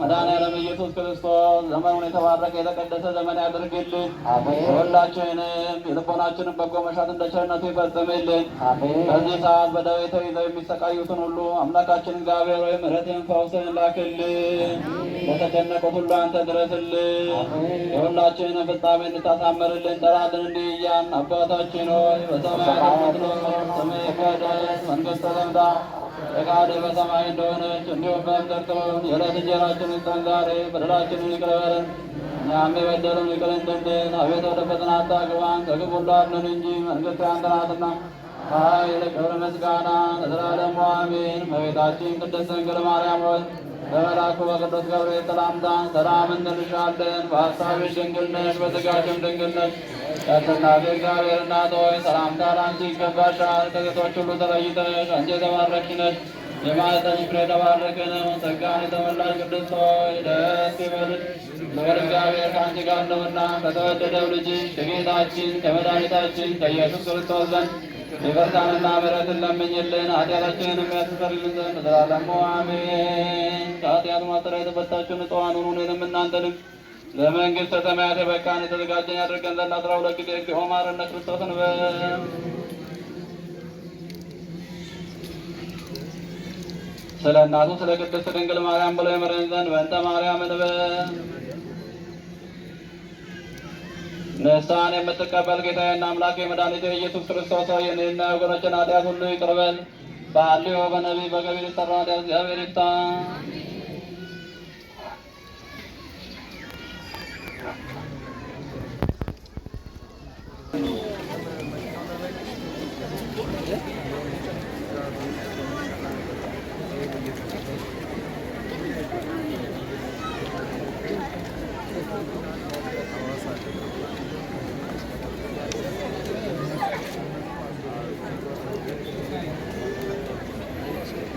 መድኃኒዓለም ኢየሱስ ክርስቶስ ዘመኑን የተባረከ የተቀደሰ ዘመን ያደርግልን። የሁላችንም የልቦናችንን በጎ መሻት እንደ ቸርነቱ ይፈጽምልን። በዚህ ሰዓት በደዌ ተይዘው የሚሰቃዩትን ሁሉ አምላካችን እግዚአብሔር ሆይ ምሕረትን ፈውስን ላክልን። ለተጨነቁት ሁሉ አንተ ድረስልን። የሁላችንን ፍጻሜ እንድታሳምርልን ጠራልን። እንዲህ እያን አባታችን ሆይ በሰማያት የምትኖር ስምህ ይቀደስ መንግሥትህ ትምጣ ፈቃደ በሰማይ እንደሆነች እንዲሁም በምድር ትሁን። የዕለት እንጀራችንን ስጠን ዛሬ፣ በደላችንን ይቅር በለን እኛም የበደሉንን ይቅር እንደምንል። አቤቱ ወደ ፈተና አታግባን ከክፉ ሁሉ አድነን እንጂ መንግሥት ያንተ ናትና ኃይል፣ ክብር፣ ምስጋና ለዘላለሙ አሜን። እመቤታችን ቅድስት ድንግል ማርያም ሆይ በመልአኩ በቅዱስ ገብርኤል ሰላምታ ሰላም እንልሻለን። በሐሳብሽ ድንግል ነሽ፣ በሥጋሽም ድንግል ነሽ ቀጥናቱ እግዚአብሔር እናት ሆይ ሰላምታ ላንቺ ይገባሻል። ከሴቶች ሁሉ ተለይተሽ አንቺ የተባረክሽ ነሽ፣ የማኅፀንሽ ፍሬ የተባረከ ነው። ጸጋን የተመላሽ ቅድስት ሆይ ደስ ይበልሽ፣ ልዑል እግዚአብሔር ከአንቺ ጋር ነውና ከተወደደው ልጅሽ ከጌታችን ከመድኃኒታችን ከኢየሱስ ክርስቶስ ዘንድ ይቅርታንና ምሕረትን ለምኝልን ኃጢአታችንንም ያስተሰርይልን ዘንድ ለዘላለሙ አሜን። ከኃጢአት ማሰሪያ የተፈታችሁ ንጹሐን ሁኑ እኔንም እናንተንም ለመንግሥተ ሰማያት የበቃን የተዘጋጀን ያድርገን ዘንድ አስራ ሁለት ጊዜ እግዚኦ ማረነ ክርስቶስን በ ስለ እናቱ ስለ ቅድስት ድንግል ማርያም ብሎ የምረን ዘንድ በእንተ ማርያምን በ ንስሐን የምትቀበል ጌታዬና አምላክ የመድኃኒቴ ኢየሱስ ክርስቶስ ሆይ የኔና የወገኖችን ኃጢአት ሁሉ ይቅርበል። በል። በአልዮ በነቢይ በገቢር የተሰራ ኃጢአት እግዚአብሔር ይፍታ።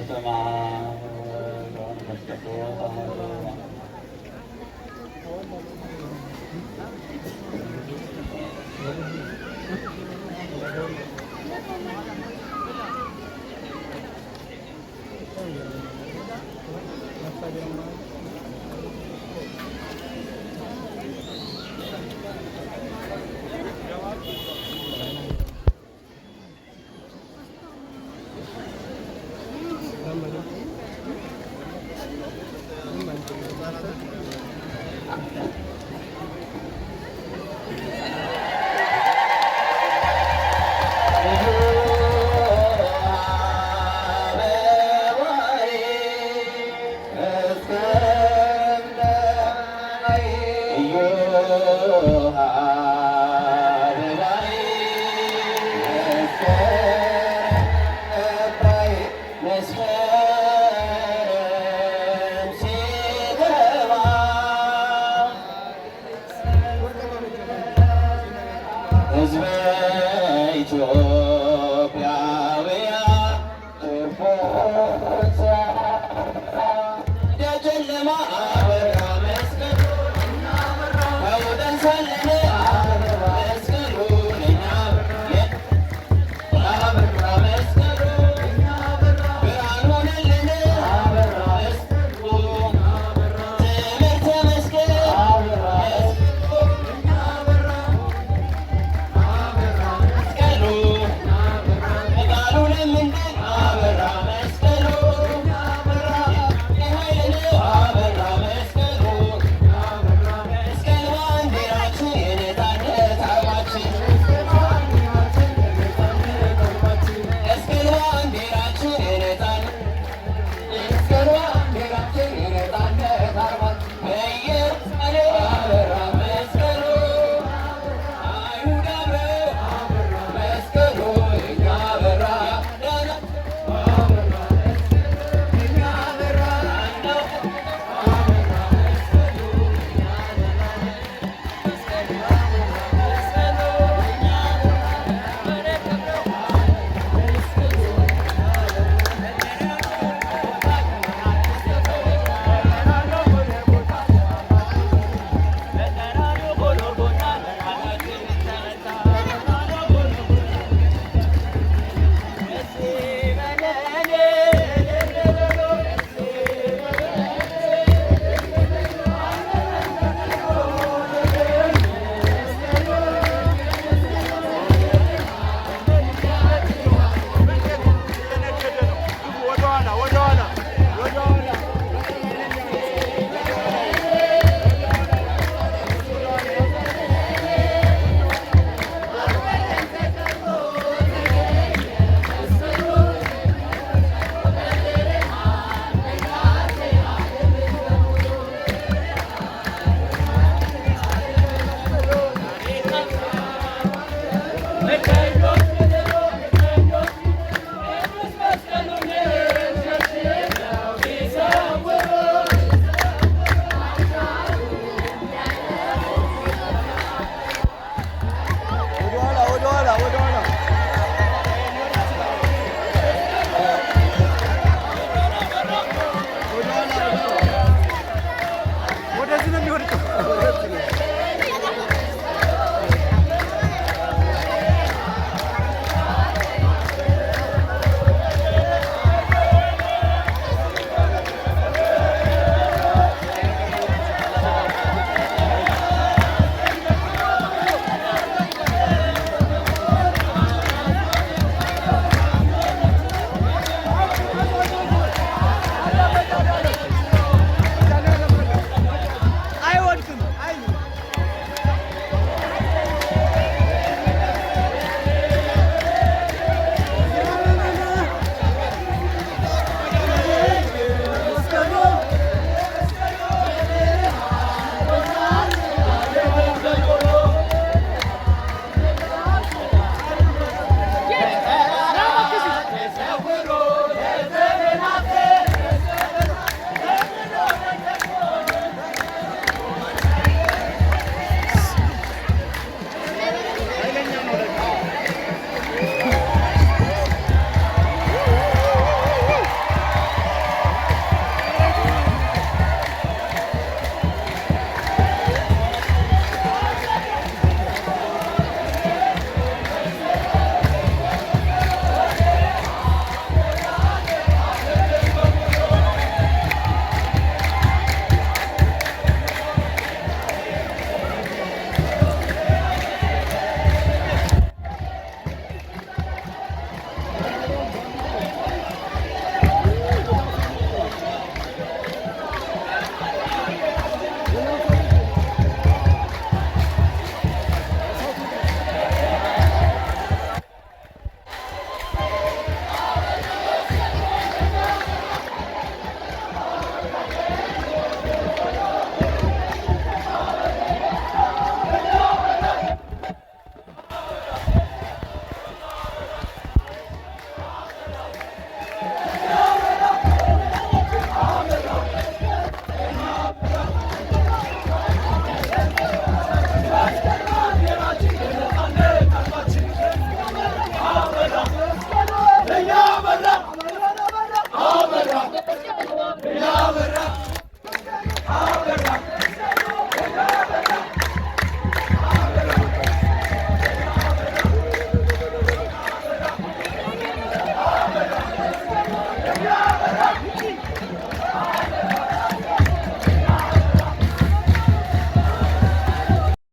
様。Let's go.